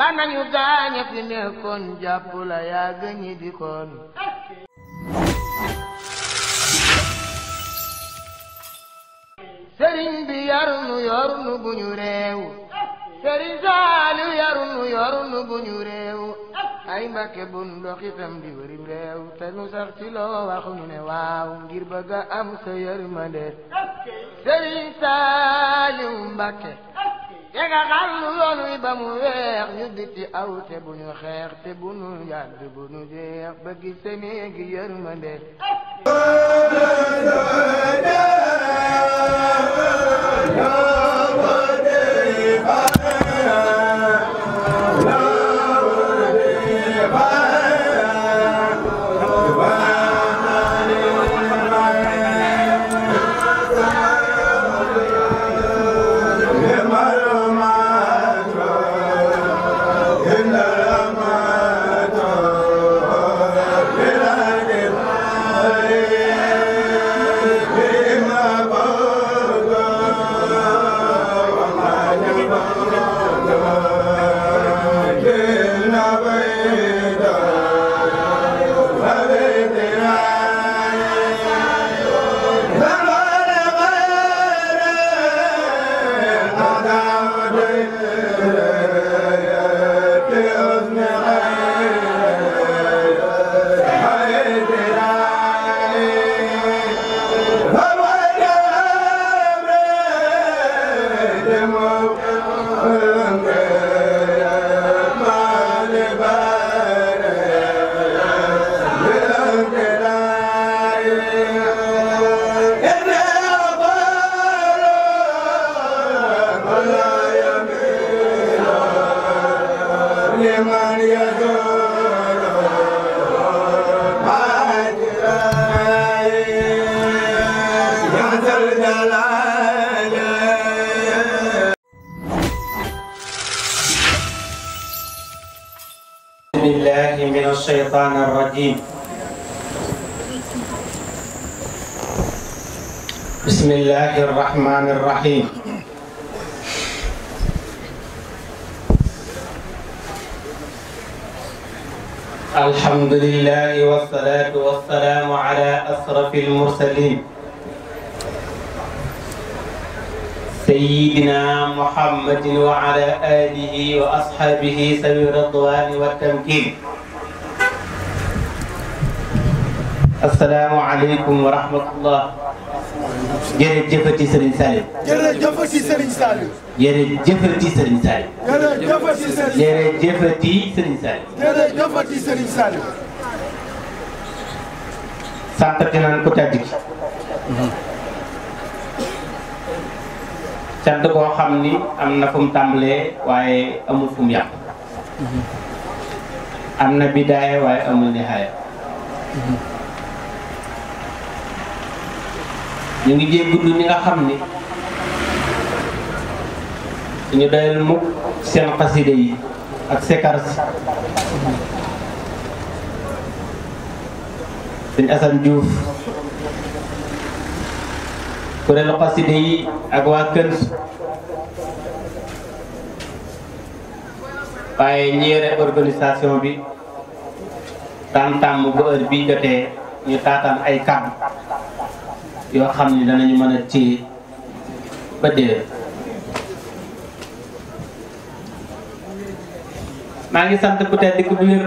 ba nañu gaaña fi nekkoon jàpp la yaa gëñi di koon sëriñ bi yarnu yornu bu ñu réew sëriñ saali yarnu yornu bu ñu réew ay mbakke bun doxitam di wërim réew te nu sax ci loo wax ñu ne waaw ngir bëgga am sa yërmande sëriñ saali mbakke te nga xam lu yoon wi ba mu weex ñu di ci aw te bu ñu xeex te bu ñu yàgg bu ñu jeex ba gis te néegi yërmande الشيطان الرجيم بسم الله الرحمن الرحيم الحمد لله والصلاة والسلام على أشرف المرسلين سيدنا محمد وعلى آله وأصحابه سبيل الرضوان والتمكين asalaamaaleykum wa rahmatullah. jërëjëfati Serigne Saliou. jërëjëfati Serigne Saliou. jërëjëfati Serigne Saliou. jërëjëfati Serigne Saliou. jërëjëfati Serigne Saliou. jërëjëfati Serigne Saliou. sant naan ko tàddi ni am na fu mu waaye amul fu am na bidaaya waaye amul nihaaya. ñu ngi jéem gudd ni nga xam ni ñu dayal mu seen xaside yi ak sekar si sëñ asan diouf kuréelu xaside yi ak waa këns waaye ñeere organisation bi tam tam bu heure bii jotee ñu taataan ay kàddu yoo xam ni danañu mën ci téye ba maa ngi sant ku tedd ku biir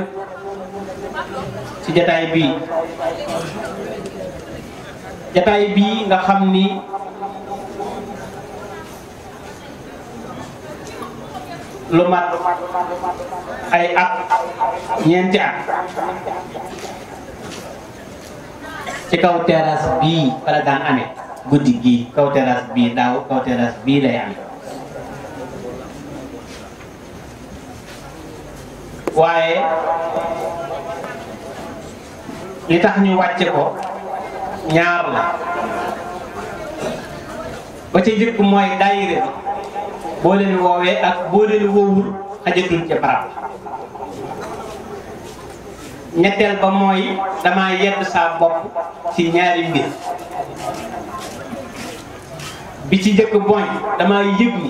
ci jataay bii jataay bii nga xam ni lu mat ay at ñeenti at ci kaw teraas bii fa la daan amee guddi gii kaw terrasse bii daaw kaw terrasse bii lay am waaye li tax ñu wàcce ko ñaar la ba ci njëkk mooy daayira boo leen woowee ak boo leen woowul xajatul ci barab ñetteel ba mooy dama yedd saa bopp ci ñaari mbir bi ci njëkk mooy dama yëg ni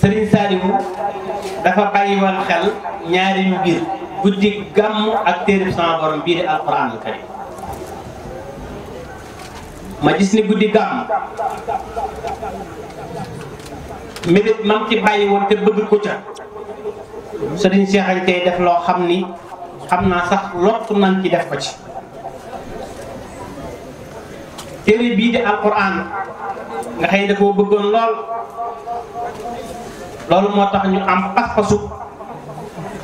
Serigne Saliou dafa bàyyiwal xel ñaari mbir guddi gàmm ak téereb sama borom bii di alquran karim ma gis ni guddi gàmm mébét mam ci bàyyi te bëgg ko ca Serigne Cheikh tey def loo xam ni xam naa sax lott nañ ci def ko ci téere bii di alquran nga xëy da bëggoon lool loolu moo tax ñu am pas-pasu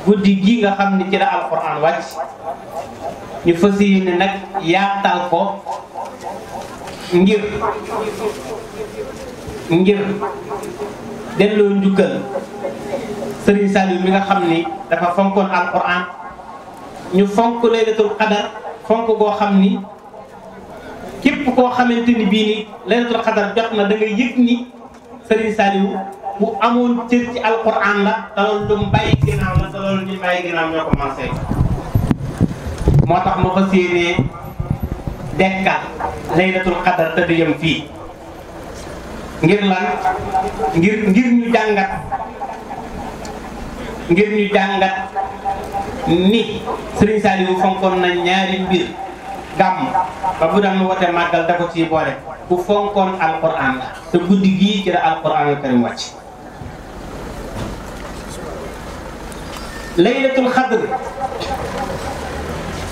guddi gi nga xam ni ci la alquran wàcc ñu fas yéene nag yaatal ko ngir ngir delloo njukkal Serigne Saliou mi nga xam ni dafa fonkoon alquran ñu fonk laylatul qadar fonk goo xam ni képp ko xamanteni bi ni laylatul qadar jot na da nga yëg ni Serigne Saliou bu amoon ci ci alquran la da loolu dum baye bàyyi ginnaaw da te ni baye bàyyi ginnaaw ñoo commencé motax mo fasiyene dekka yéenee dekkal laylatul xadar te ngir lan ngir ngir ñu jangat ngir ñu jangat ni Serigne fonkon na ñaari mbir Gam, ba bu daan wote magal da ko ciy Al ku fonkon alquran la te guddi gi ci da alquran karim wacc laylatul da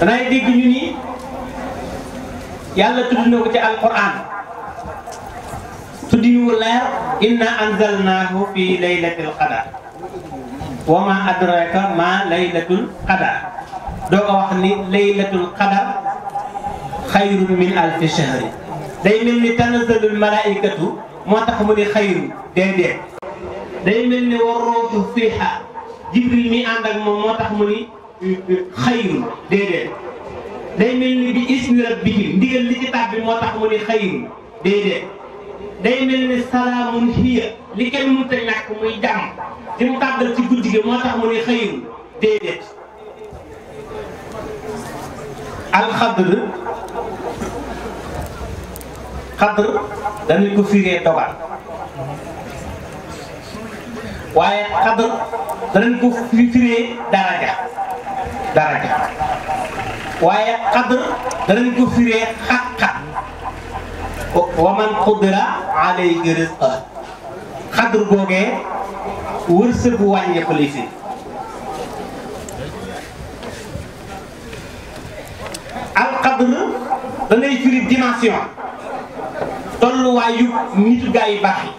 nay dégg ñu ni yalla tuddu na ci alquran tuddi ñu leer inna anzalnahu fi laylatil qadar wa ma adraka ma laylatul qadar do ko wax ni laylatul qadar خير من ألف شهر دائماً تنزل الملائكة ما تحمل خير دائماً دائماً والروح فيها جبريل مي عندك ما تحمل خير دائماً دائماً بإسم ربك دي اللي تتعب ما تحمل خير دائماً دائماً السلام هي لكن متنعكم الجام دي متعب تقول دي ما تحمل خير دائماً alxadr xadr dañu ko firee dogal waaye xadr danañ ko firee daraja daraja waaye xadr danañ ko firee xaqa wa man qudira alayhi rizqa xadr googee wërsëgu wàññeeku li fi xadr danay firi dimension tolluwaayu nitu gaa yu baax yi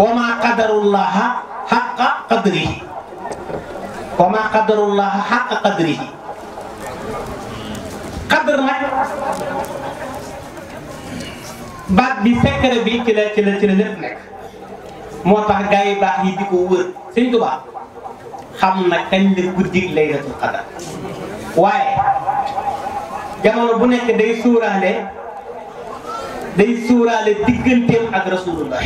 wa maa qadarullaha xaqa qadrihi wa maa qadarullaha xaqa qadrihi xadr nag baat bi secret bi ci la ci la ci la lépp nekk moo tax gaa yu baax yi di ko wër sëñ Tuubaa xam na kañ la guddi laylatul qadar waaye jamono bu nekk day suuraale day suuraale digganteem ak rasulullah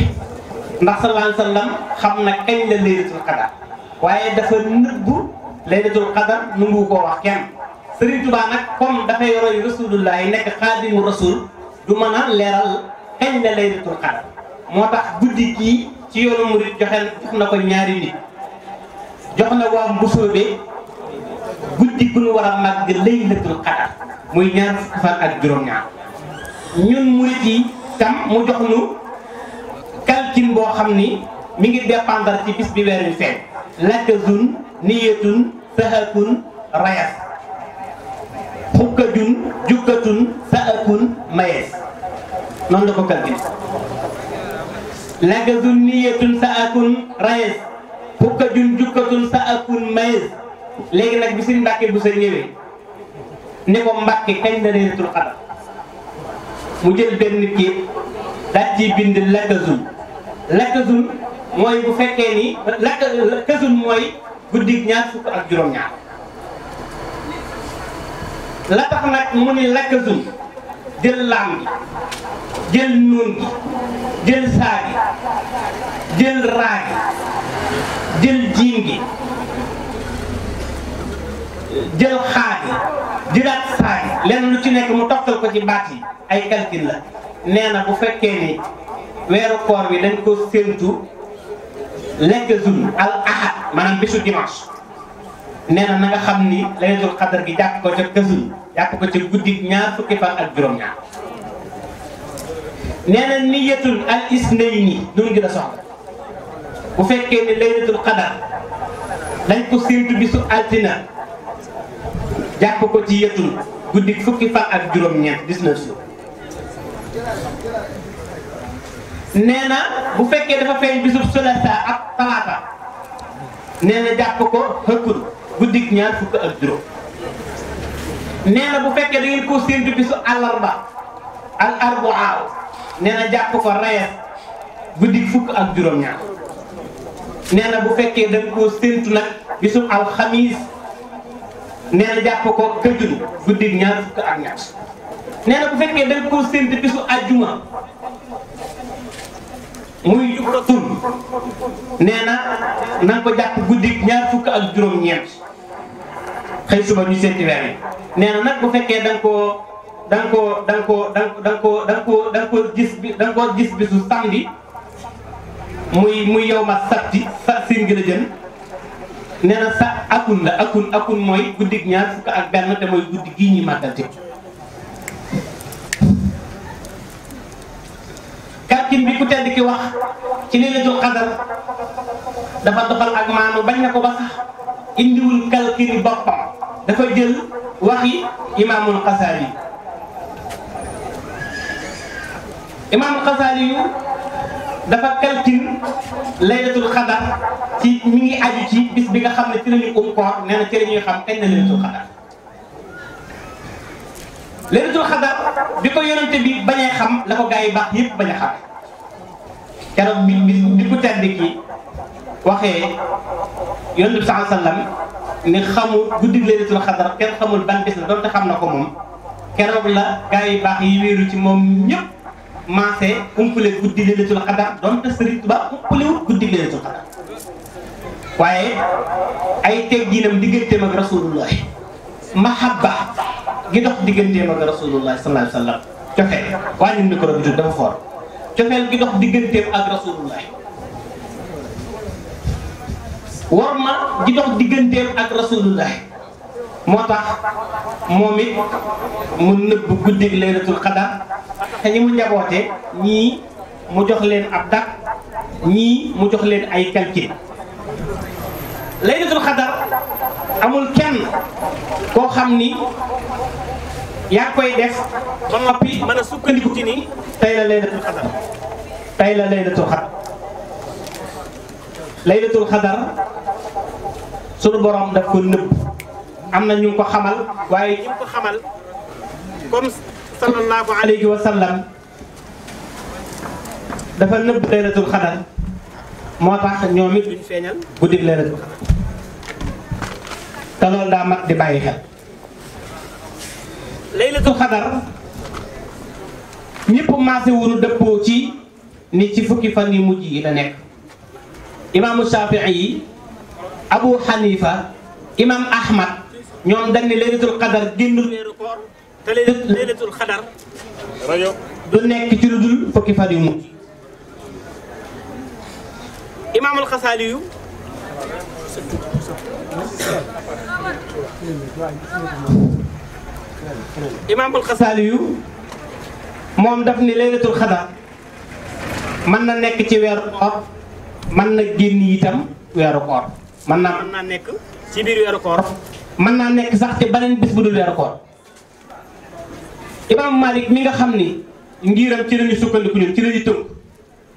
ndax sallallahu alayhi xam na kañ la laylatul qadar waaye dafa nëbbu laylatul qadar nu ngu ko wax kenn Sëriñ Tuubaa nag comme dafay roy rasulullah yi nekk xaadimu rasul du mën a leeral kañ la laylatul qadar moo tax guddi kii ci yoonu murid joxe jox na ko ñaari nit jox na waa Mbusoobe guddi gu ñu war a màgg laylatul qadar muy ñaar fukki fan ak juróom-ñaar ñun murit yi tam mu jox nu calcul boo xam ni mi ngi dépendre ci bis bi weer wi feeñ lakkazun niyatun sahakun rayas xukkajun jukkatun sahakun mayes noonu la ko calcul léegi nag bi suñ mbàkke bu sa ñëwee ni ko mbàkke kañ la laylatul xadar mu jël benn kii daal ci bind lakkazul lakkazul mooy bu fekkee ni lakkazul mooy guddig ñaar fukk ak juróom-ñaar la nag mu ni lakkazul jël laam gi jël nuun gi jël saa gi jël raa gi jël jiin gi jël di rat saay lenn lu ci nekk mu toftal ko ci baat yi ay calcul la nee bu fekkee ni weeru koor bi dañ ko lekk zul al ahad maanaam bisu dimanche nee na nga xam ni laylatul qadar gi jàpp ko ca kësul jàpp ko ca guddi ñaar fukki fan ak juróom-ñaar niyatul al isnayni nun gi la soxla bu fekkee ni laylatul qadar dañ ko séentu bisu altina jàpp ko ci yetum guddi fukki fan ak juróom-ñeent 19 jours nee na bu fekkee dafa feeñ bisu solasa ak talaata nee na jàpp ko xëkkul guddik ñaar bu fekkee da ngeen ko séntu bisu na jàpp ko reyes guddik fukk ak juróom-ñaar bu fekkee da koo séntu nag alxamis neena japp ko ke judd guddi ñaar fuk ak ñaar neena bu fekke dal ko séntu bisu aljuma muy jubratul neena nang ko japp guddi ñaar fuk ak juróom-ñeent xey suba ñu seeti weer neena nak bu fekke da ko koo ko nga ko da ko koo ko nga ko gis bi da ko gis bisu samedi muy muy yow ma sabti sa siin gi la jën nee na sax akun la akun akun mooy guddi gii ñuy màggal tey. bi ku tedd ki wax ci laylatul qadar dafa doxal ak maanu bañ na ko ba sax indiwul kalkiri boppam dafa jël waxi imaamul xasaali imaamul xasaali yu. dafa calcul laylatul xadar ci mi ngi aju ci bis bi nga xam ne ci la ñu um koor nee na ci la ñuy xam kañ la laylatul xadar laylatul xadar bi ko yonente bi bañ a xam la ko gars yi baax yëpp bañ a xam keroog bi bi bi ku waxee yonente bi saa sallam ni xamul guddi laylatul xadar kenn xamul ban bis la doonte xam na ko moom keroog la gars yi baax yi wéeru ci moom ñëpp maase umpale guddi Laylatul Qadar donte Sëriñ Tuubaa umpalewut guddi Laylatul Qadar waaye ay tegginam digganteem ak rasulullah mahabba gi dox digganteem ak rasulullah sallallahu alayhi gi dox digganteem ak rasulullah moo tax moom it mu nëbb guddi Laylatul Qadar te ñi mu njaboote ñii mu jox leen ab dàq ñii mu jox leen ay calcul laylatul xadar amul kenn koo xam ni yaa koy def ba noppi mën a sukkandiku ci ni tey la laylatul xadar tey la laylatul xadar laylatul xadar sunu borom daf ko nëbb am na ñu ko xamal waaye ñu ko xamal comme sallallahu alayhi wa sallam dafa nëbb laylatul xadar moo tax ñoom it duñ feeñal guddig laylatul xadar te loolu daa mat di bàyyi xel laylatul xadar ñëpp maase wuñu dëppoo ci ni ci fukki fa yu mujj yi la nekk imaamu shafii abu xanifa imaam ahmad ñoom dañ ne laylatul xadar génnul weeru koor te laylatul xadar rajo du nekk ci lu dul fukki fan yu mujj imaamul xasaali yu imaamul xasaali yu moom daf ni laylatul xadar mën na nekk ci weeru koor mën na génn itam weeru koor mën naa nek naa nekk ci biir weeru koor mën naa nekk sax ci beneen bis bu dul weeru imaam Malik mi nga xam ni ngiram ci lañu sukkandiku ñun ci lañu tënk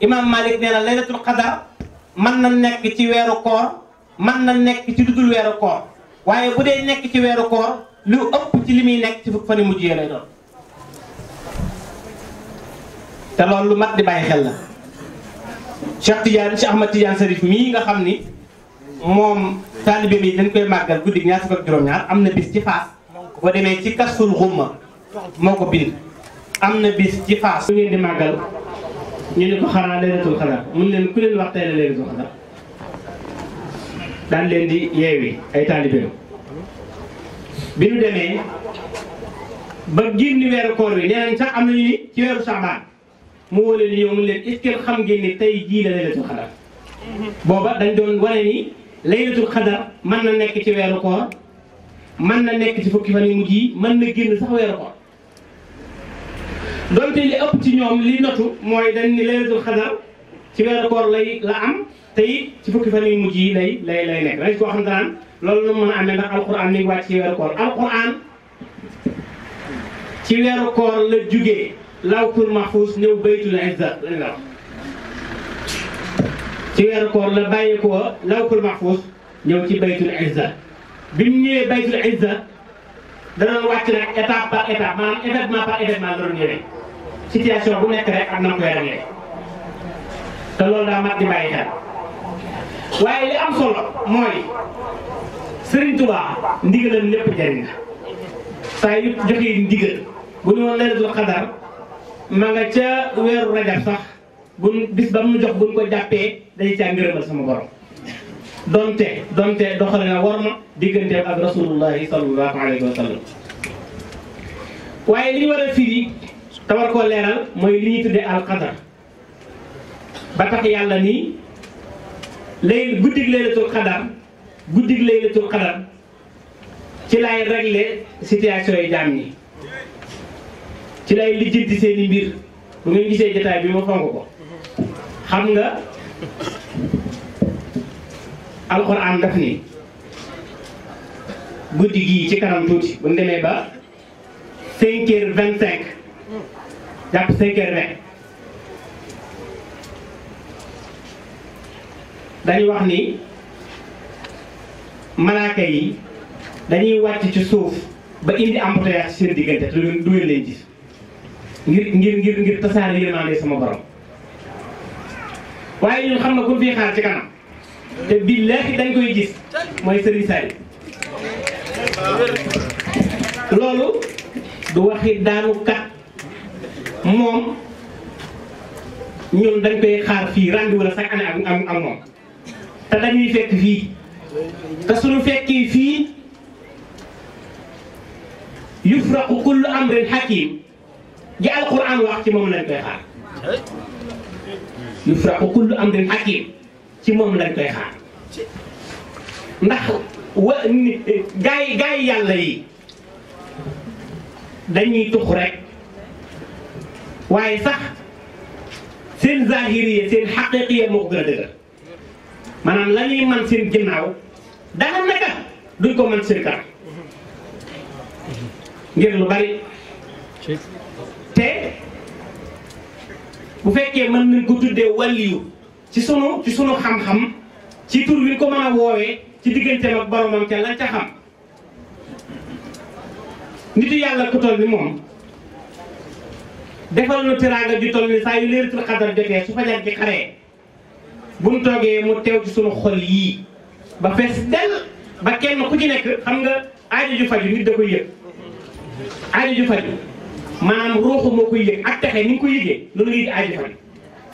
imaam Malik nee na laylatul qadar man na nekk ci weeru koor man na nekk ci dudul weeru koor waaye bu dee nekk ci weeru koor lu ëpp ci li muy nekk ci fukk fan yu mujj lay doon te loolu lu mat di bàyyi xel la Cheikh Tidiane Cheikh Ahmad Tidiane Sarif mii nga xam ni moom taalibe bi dañ koy màggal guddi ñaar fukk ak juróom-ñaar am na bis ci faas boo demee ci kasul xumma moo ko bind am na bis ci faas bu ngeen di màggal ñu ne ko xanaa laylatul xadar mun leen ku leen wax tey la xadar daan leen di yeewi ay taalibeem bi nu demee ba génn weeru koor bi nee nañ sax am na ñu ci weeru saabaan mu woo leen yow leen est xam ngeen ni tey jii la laylatul xadar booba dañ doon wane ni laylatul xadar mën na nekk ci weeru koor mën na nekk ci fukki fan yu mujj yi mën na génn sax weeru koor donte li ëpp ci ñoom li notu mooy dañ ni laylatul xadar ci weeru koor lay la am te ci fukki fan yu mujj yi lay lay lay nekk dañ koo xam daan loolu la mën a amee ndax alquran ni wàcc ci weeru koor alquran ci weeru koor la jugee lawhul mahfuz ñëw baytul izza lañ la wax ci weeru koor la law lawhul mahfuz ñëw ci baytul izza bi mu ñëwee baytul izza danañ wàcc nag étape par étape maanaam événement par événement la doon ñëwee situation bu nekk rek ak na mu koy réglé te loolu daa waaye li am solo mooy Serigne Touba ndigalam lépp jariñ na saa yu joxee ndigal bu ñu woon laylatul xadar ma nga ca weeru rajab sax bu bis ba mu jox bu ñu ko jàppee day caa ngërëmal sama borom. donte donte doxale na war ma digganteem ak rasulullahi sallallahu alayhi wa sallam waaye li ñu war a firi te war leeral mooy li ñuy tuddee alqadar ba tax yàlla nii lay guddig laylatul xadar guddig laylatul xadar ci lay régler situation yi jaam ñi ci lay lijjanti seeni mbir bu ngeen gisee jotaay bi ma fonk ko xam nga alxuraan daf ni guddi gii ci kanam tuuti bu ñu ba cinq heures vingt jàpp cinq heures dañu wax ni malaaka yi dañuy wàcc ci suuf ba indi embouteillage seen diggante te du ngeen leen gis ngir ngir ngir ngir tasaare yërmande sama borom waaye ñun xam na ko fii xaar ci kanam te billaahi dañ koy gis mooy Serigne Sary loolu du waxi daanu kat moom ñun dañ koy xaar fii rendez-vous la chaque année ak am am moom te dañuy fekk fii te suñu fekkee fii yufraqu kullu amrin hakim ji alquran wax ci moom lañ koy xaar yufraqu kullu amrin hakim ci moom lañ koy xaar ndax wa gaay gaay yàlla yi dañuy tux rek waaye sax seen zahiriya seen xaqiqiya moo ko gën a dëgër maanaam la ñuy man seen ginnaaw dara naka duñ ko man seen kanam ngir lu bari te bu fekkee mën nañ ko tuddee wàlliyu ci sunu ci sunu xam-xam ci tur wi ko mën a woowee ci digganteem ak boromam ca la ca xam nitu yàlla ku toll ni moom defal nu teraanga ju toll ni saa yu leeratul xadar jotee su fajar ji xaree bu mu toogee mu teew ci sunu xol yii ba fees del ba kenn ku ci nekk xam nga aajo ju faju nit da koy yëg aajo ju faju maanaam moo koy yëg ak texe ni nga ko yëgee loolu nga yëg aajo ju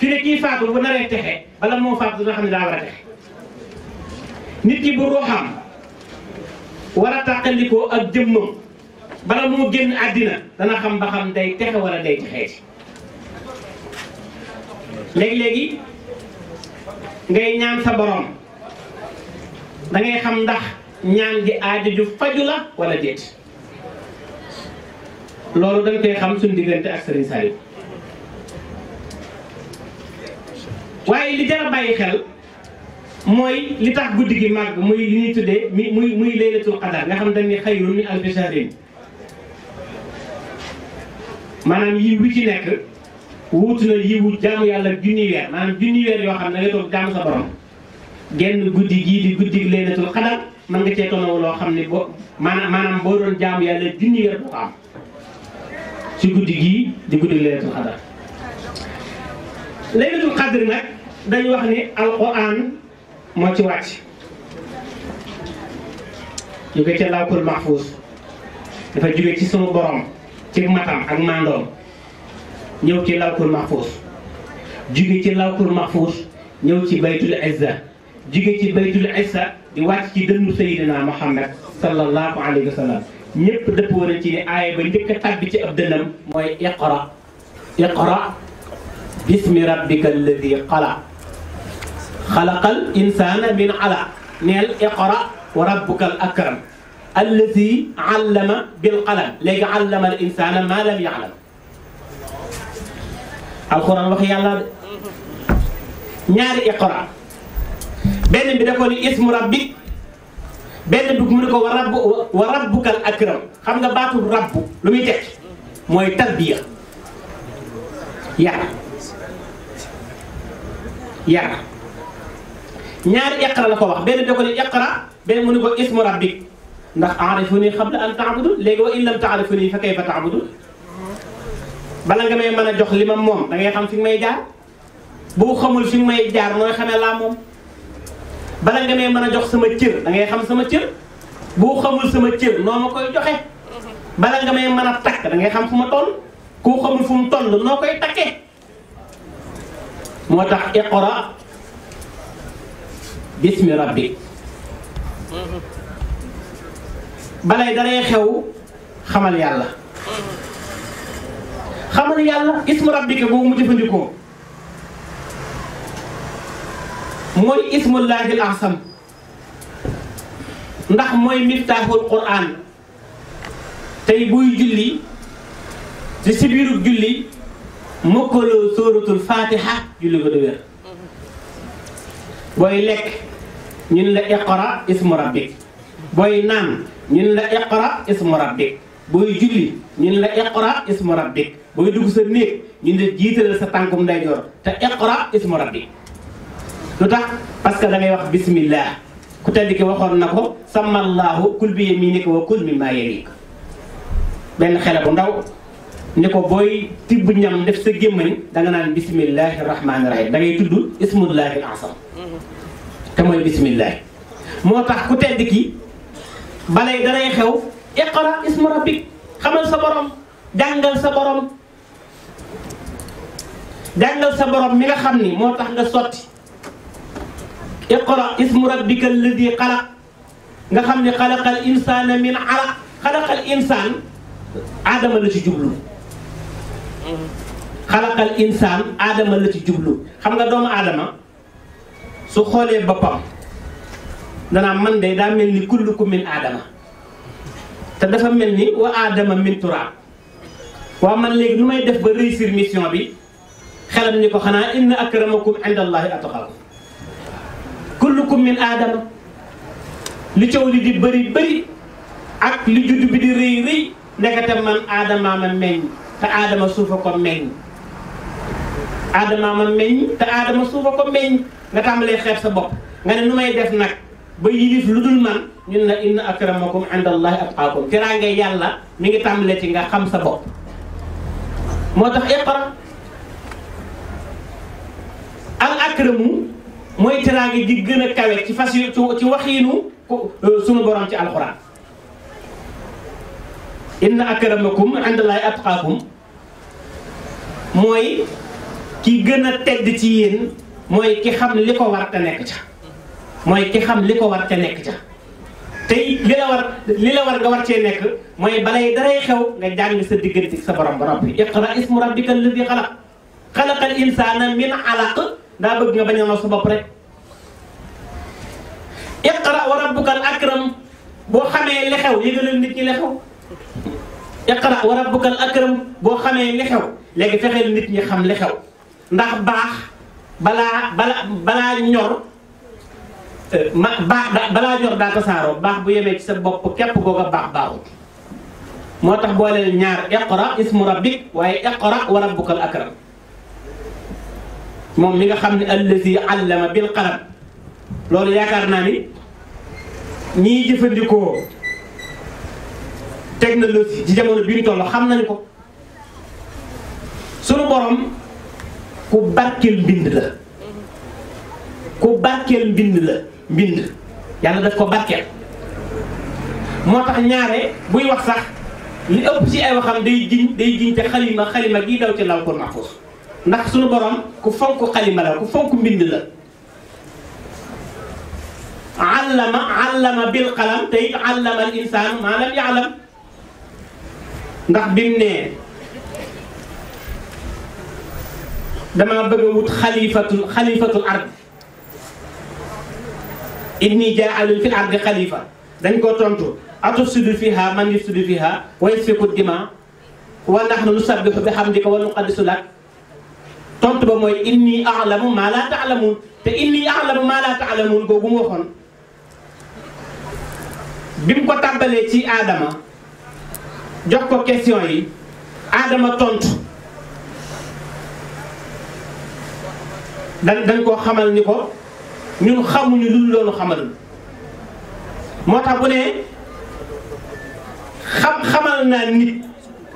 fi ne kii faatu bu naree texe bala moo faatu dina xam ne daa war a texe nit ki bu ruuxam war a tàqalikoo ak jëmmam bala moo génn àddina dana xam ba xam day texe wala day texeeti léegi-léegi ngay ñaan sa borom da xam ndax ñaan gi aajo ju faju la wala déet loolu dañ koy xam suñu diggante ak Serigne Saliou waaye li jar a bàyyi xel mooy li tax guddi gi màgg muy li ñuy tuddee muy muy muy laylatul nga xam dañ ne xayrun min alfi shahrin maanaam yiw wi ci nekk wuutu na yiwu jaamu yàlla junni weer maanaam junni weer yoo xam ne nga toog sa borom genn guddi gii di guddi laylatul qadar man nga cee tonaw loo xam ne boo maanaam maanaam boo doon jaamu yàlla junni weer bu am ci guddi gii di guddi laylatul qadar laylatul qadr nag dañu wax ni alquran moo ci wàcc jóge ca lawhul mahfuz dafa jóge ci sunu borom ci matam ak mandoom ñëw ci lawhul mahfuz jóge ci lawhul mahfuz ñëw ci baytul izza jóge ci baytul izza di wàcc ci dënnu sayidina muhammad sallallahu alayhi wa sallam ñëpp dëppoo ci ne aaya ba ci ab dënnam mooy iqra بسم ربك الذي قلع خلق الانسان من علا نيل اقرا وربك الاكرم الذي علم بالقلم لك علم الانسان ما لم يعلم القران وخي يالله نيار اقرا بين بي اسم ربي بين دوك ورب وربك الاكرم خمسة باتو رب لومي تك مو تربيه يا yar ñaari iqra la ko wax benn da ko ne iqra benn mu ne ko ismu rabbik ndax aarifuni qabla an taabudu léegi wa in lam taarifuni fa kayfa taabudu bala nga may mën a jox li ma moom da ngay xam fi may jaar bu xamul fi may jaar mooy xamee laa moom bala nga may mën a jox sama cër da ngay xam sama cër bu xamul sama cër noo ma koy joxe bala nga may mën a da ngay xam fu ma ku xamul fu mu toll noo koy takkee موضح اقرا باسم ربي بلا داري خو خمال يالا خمال يالا اسم ربك بو مجفنديكو موي اسم الله الاعظم ndax moy miftah القرآن تي بوي جولي سي بيرو جولي mokkaloo sóoratul fatiha julli ko du wér booy lekk ñun la iqra ismu rabbik booy naan ñun la iqra ismu rabbik booy julli ñun la iqra ismu rabbik booy dugg sa néeg ñun la jiitalal sa tànkum ndeyjoor te iqra ismu rabbik lu tax parce que da ngay wax bismillah ku tedd ki waxoon na ko samallaahu kul bi yaminika wa kul mimma yalik benn xele bu ndaw ni ko booy tibb ñam def sa gémmañ da nga naan bisimillahi rahmaani rahim da ngay tudd ismullahi ansam mm-hmm. te mooy bisimillahi moo tax ku tedd ki balay danay xew iqra ismu rabbik xamal sa borom jàngal sa borom jàngal sa borom mi nga xam ni moo tax nga sotti iqra ismu rabbika alladi xalaq nga xam ni xalaqal insaana min alaq xalaqal insaan aadama la ci jublu xalaqal insaan aadama la ci jublu xam nga doomu aadama su xoolee boppam danaa man de daa mel ni kullukum min aadama te dafa mel ni wa aadama min turaab man léegi lu may def ba réussir mission bi xelam ni ko xanaa inna akramakum indallahi atqaakum kullukum min aadama li coow li di bëri bëri ak li juddu bi di rëy rëy ndekete man aadama ma meññ te aadama suufa ko meññ aadama ma meññ te aadama suufa ko meññ nga tàmbalee xeeb sa bopp nga ne nu may def nag ba yilif lu dul man ñun na inna akramakum indallahi atqaakum teraanga yàlla mi ngi tàmbalee ci nga xam sa bopp moo tax iqra al akramu mooy teraanga gi gën a kawe ci fas ci waxiinu euh, sunu borom ci alxuraan inna akramakum indallahi atqaakum moy ki gëna tedd ci yéen moy ki xam liko war ta nek ca moy ki xam liko war ta nek ca tay li la war li la war nga war ci nek moy balay daray xew nga jàng sa ci sa borom borom noppi iqra ismu rabbika alladi khalaq xalaqal insana min alaq da bëgg nga bañal a sa bopp rek iqra wa rabbukal akram bo xamé li xew yëgalal nit ñi li xew iqra wa rabbukal akram bo xamé li xew léegi fexeel nit ñi xam li xew ndax baax balaa balaa balaa ñor ma baax balaa ñor daa tasaaroo baax bu yemee ci sa bopp képp googa baax baaxut moo tax booleel ñaar iqra ismu rabbik waaye iqra wa rabbukal akram moom mi nga xam ne allazi allama bil qalam loolu yaakaar naa ni ñiy jëfandikoo technologie ci jamono bi ñu toll xam nañu ko sunu borom ku barkeel mbind la ku barkeel mbind la mbind yàlla daf ko barkeel moo tax ñaare buy wax sax li ëpp ci ay waxam day jiñ day jiñ te xalima xalima gi daw ci law ko maxfuus ndax sunu borom ku fonk xalima la ku fonk mbind la allama allama bil qalam te it allama al insaan maa lam yaalam ndax bim ne dama bëgg a wut khalifatu xalifatul ard inni jaalun fil ardi khalifa dañ ko tontu atufsidu fiha man yufsidu fiha wa yasfiku dima wa nahnu nusabbihu bihamdika wa nuqaddisu lak tontu ba moy inni alamu ma la ta'lamun te inni alamu ma la ta'lamun gogu mo xon bim ko tabale ci adama jox ko question yi adama tontu dañ dañ koo xamal ni ko ñun xamuñu lu loolu xamal moo tax bu ne xam xamal naa nit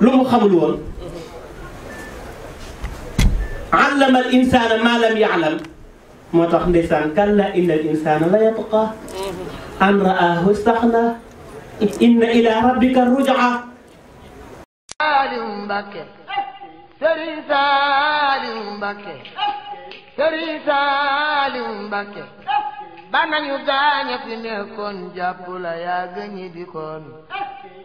lu mu xamul woon allama al insana ma lam yaalam moo tax ndeysaan kalla inna al insana la yatqa an ra'ahu istaxna inna ila rabbika rujaa sëriñ Saaliw Mbakke ba gaaña fi nekkoon jàpp la yaa gëñi di koon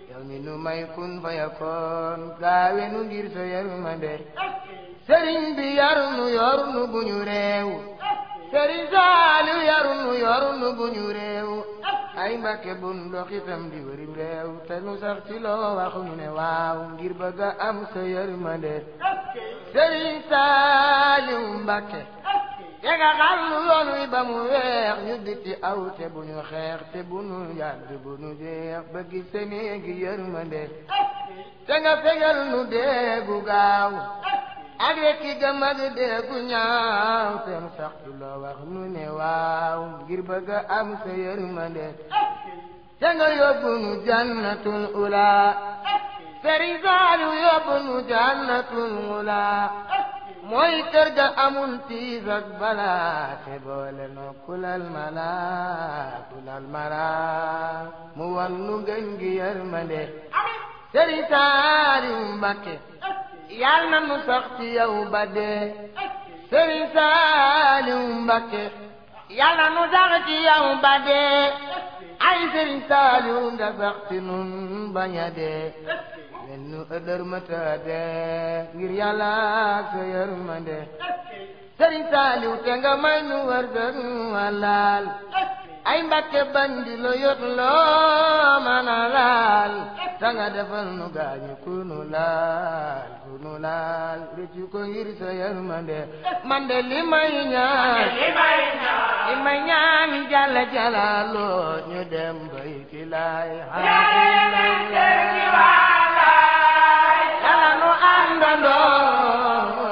yow mi nu may kun fa yakoon gaawe nu ngir sa yërmande sëriñ bi yaru nu yoru nu bu ñu sëriñ Saaliw yaru nu yoru nu bu ñu ay Mbakke bun doxitam di wëri réew te nu sax ci loo wax ñu ne waaw ngir bëgga am sa yërmande sëriñ Saaliw Mbakke ña nga xam lu yoon wi mu weex ñu di ci aw te bu ñu xeex te bu ñu yàgg bu ñu jeex ba gis seen gi nga fegal nu déggu gaaw ak rekki ga mag déggu ñaaw seen saxtu la wax nu ne waaw ngir bëgg a am sa yërmande te nga yóbbu nu jannatul ula Sëriñ yóbbu nu jannatul mooy kër ga amul tiis ak boole noo kulal malaa kulal malaa mu wan nu gën gi yërmande sëriñ Saaliw Mbàkke yal na nu sax ci ba dee sëriñ Saaliw Mbàkke yal na nu sax ci ba dee ay sëriñ Saaliw nga nun bañ dee leen nu ëddër ma tëdde ngir yàlla ak sëriñ saaliw te nga may nu wër dër walaal ay mbàkke bandi yot loo mën a laal defal nu gaañu ku nu laal ku nu laal rëccu ko ngir sa yërmande man de li may ñaan li may ñaan jàlla jàlla loo ñu dem bay ki laay àndandoo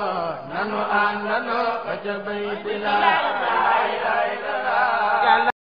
nanu àndandoo ba ca bay bi laa